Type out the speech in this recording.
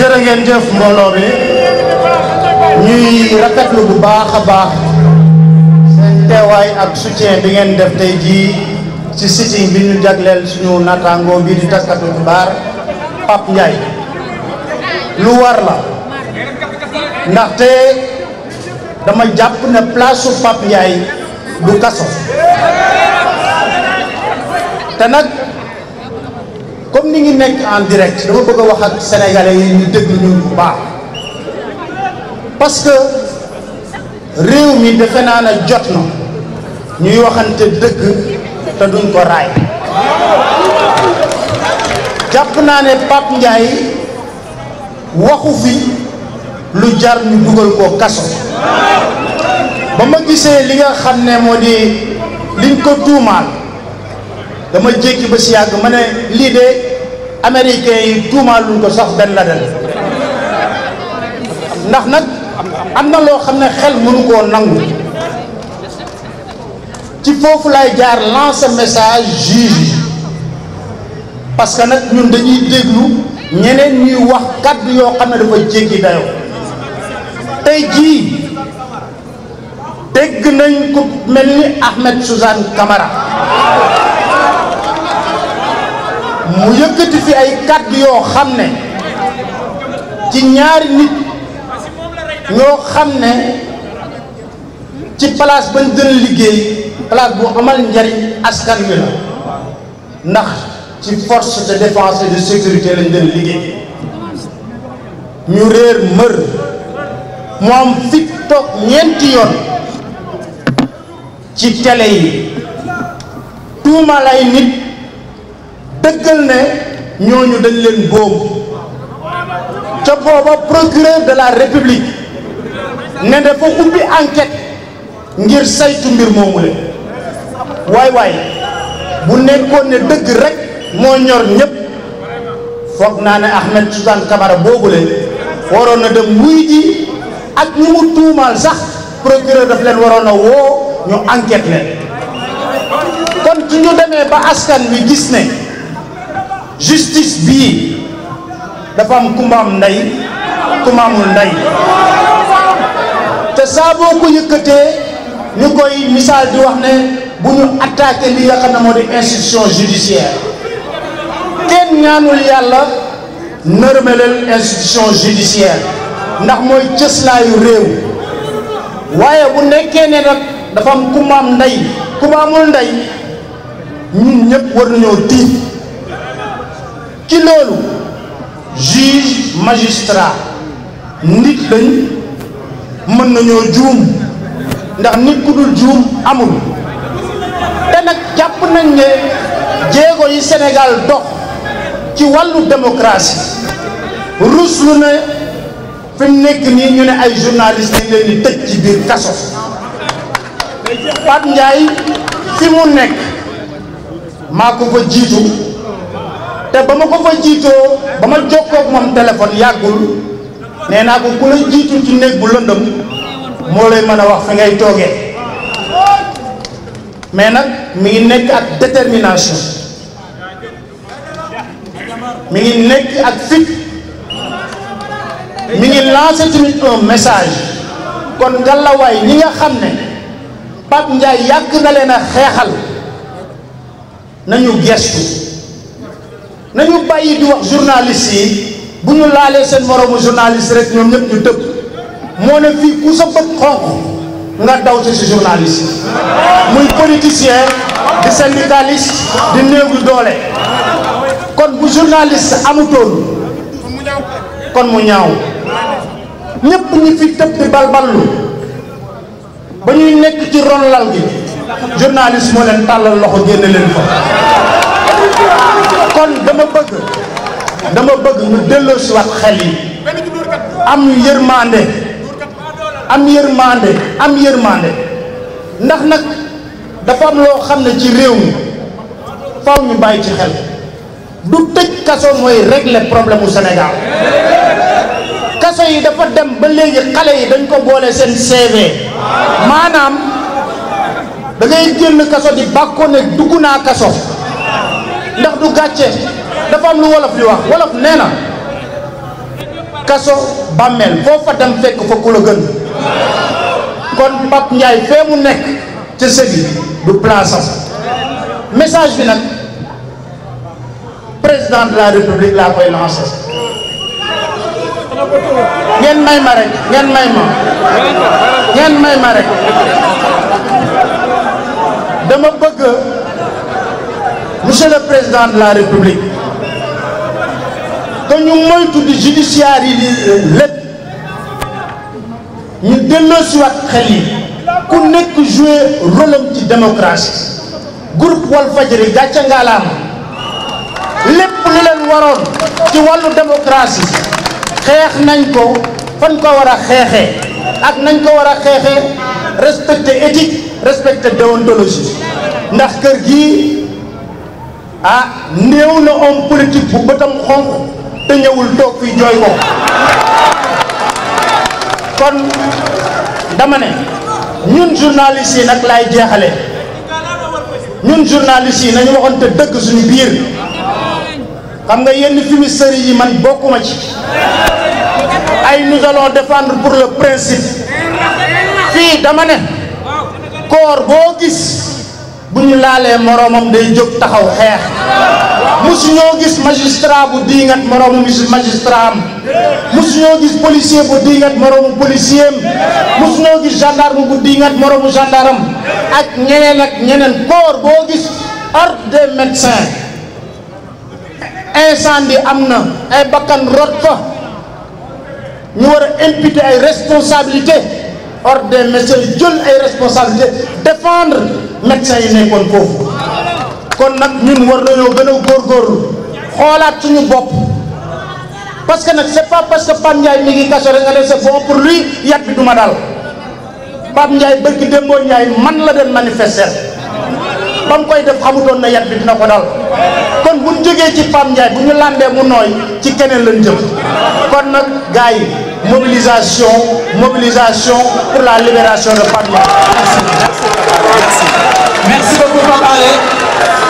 jërë ngeen jëf mbooloo mi ñuy rafetlu bu baax a baax seen teewaay ak soutien bi ngeen def tey jii ci sitting bi ñu jagleel suñu nattaangoo bi di taskatu xibaar Pape Ndiaye lu war la ndaxte dama jàpp ne place su Pape du kaso te nag comme ni ngi nekk en direct dama bëgg a wax ak sénégalais yi ñu déglu ñu baax parce que réew mi defe naa ne jot na ñuy waxante dëgg te duñ ko raay jàpp naa ne Pape Ndiaye waxu fi lu jar ñu dugal ko kaso ba ma gisee li nga xam ne moo di liñ ko tuumaal dama jékki ba si yàgg ma ne lii de américains yi tuumaaluñ ko sax Ben Laden ndax nag am na loo xam ne xel mënu koo nangu ci foofu laay jaar lancer message juge parce que nag ñun dañuy déglu ñeneen ñuy wax kàddu yoo xam ne dafa jéggi dayoo tey jii dégg nañ ko mel ni Ahmed Suzanne Camara mu yëkkati fi ay kàddu yoo xam ne ci ñaari nit ñoo xam ne ci place bañ gën a liggéey place bu amal njariñ askan wi la ndax ci force de défense et de sécurité lañ gën a liggéey ñu réer mër mu am fit toog ñeenti yoon ci télé yi tuumal nit dëggal ne ñooñu dañ leen boobu ca booba procureur de la république ne dafa ubbi enquête ngir saytu mbir moomu leen waaye waay bu nekkoon ne dëgg rek moo ñor ñëpp foog naa ne Ahmed Suzanne Camara boobu leen waroon na dem wuy ji ak ñi mu tuumaal sax procureur daf leen waroon a woo ñu enquête leen kon ci ñu demee ba askan wi gis ne. justice bii dafa am kumbaam ndey kumbaamul ndey te saa ko yëkkatee ñu koy misaal di wax ne bu ñu attaqué li nga xam ne moo di institution judiciaire kenn ñaanul yàlla nërmeleel institution judiciaire ndax mooy cëslaayu réew waaye bu nekkee ne nag dafa am kumbaam ndey kumbaamul ndey ñun ñëpp war nañoo tiit ci loolu juge magistrat nit lañ mën nañoo juum ndax nit ku dul juum amul te nag jàpp nañ ne jéego yi senegal dox ci wàllu démocratie ruslu ne fi mu nekk ñu ne ay journaliste yi leen di tëj ci biir kaso Pape Ndiaye fi mu nekk maa ko fa jiitu te ba ma ko fa jiitoo ba ma jokkoog moom téléphone yàggul nee naa ko ku la jiitu ci néeg bu lëndëm moo lay mën a wax fi ngay toogee mais nag mi ngi nekk ak détermination mi ngi nekk ak fit mi ngi lancé tamit un message kon ngalawaay ñi nga xam ne Pape Ndiaye yàgg na leen a xeexal nañu gestu nañu bàyyi di wax journaliste yi bu ñu laalee seen moroomu journaliste rek ñoom ñëpp ñu tëb moo ne fii ku sa bët xonq nga daw si journaliste muy politicien di syndicaliste di néew doole kon bu journaliste amutoon kon mu ñaaw ñëpp ñu fi tëb di balballu ba ñuy nekk ci ron lal gi journaliste moo leen tàllal loxo génne leen fa kon dama bëgg dama bëgg si delloosiwaat xel yi am yërmande am yërmande am ndax nag dafa am loo xam ne ci réew mi faw ñu bàyyi ci xel du tëj kaso mooy régler problème u Sénégal kaso yi dafa dem ba léegi xale yi dañ ko boole seen CV maanaam dangay ngay génn kaso di bàkkoo ne dugg naa kaso ndax du gàcce dafa am lu wolof di wax wolof nee na kaso bàmmeel foo fa dem fekk fa ku la gën kon Pape Ndiaye fee mu nekk ca sëbi du place message bi nag président la république laa koy lancé ngeen may ma rek ngeen may ma rek dama bëgg monsieur le président de la république que ñu moytu di judiciaire yi euh, lépp ñu delloosiwaat xel yi ku nekk jouer rôle am ci démocratie groupe Walfadjri gàcce ngaalaam lépp lu leen waroon ci wàllu démocratie xeex nañ ko fan ko war a xeexee ak nañ ko war a xeexee respecter éthique respecter déontologie ndax kër gii. ah néew na homme politique bu bëtam xonq te ñëwul toog fii jooy ko kon dama ne ñun journalistes yi nag laay jeexale ñun journalistes yi nañu waxoon te dëgg suñu biir xam nga yenn fumisterie yi man bokkuma ci ay nous allons défendre pour le principe fii dama ne koor boo gis bu ñu laalee moroomam day jóg taxaw xeex musuñoo gis magistrat bu diingat moroomu magistrat am musuñoo gis policier bu diingat moroomu policier am musuñoo gis gendarme bu diingat moroomu gendarme ak ñeneen ak ñeneen koor boo gis ordre des médecins incendie am na ay bakkan rot fa ñu war a imputer ay responsabilité ordre des médecins jël ay responsabilité défendre médecins yi nekkoon foofu kon nag ñun war nañoo gën a góor góor xoolaat suñu bopp parce que nag c'est pas parce que Pape Ndiaye mi ngi kaso rek nga def c'est bon pour lui yat bi duma daal Pape Ndiaye bërki démboo Ndiaye man la doon manifester ba mu koy def xamutoon na yat bi dina ko dal kon bu ñu jógee ci Pape Ndiaye bu ñu landee mu nooy ci keneen lañ jëm kon nag gars mobilisation, mobilisation pour la libération de Padma. Merci. Merci. Merci beaucoup, Papa.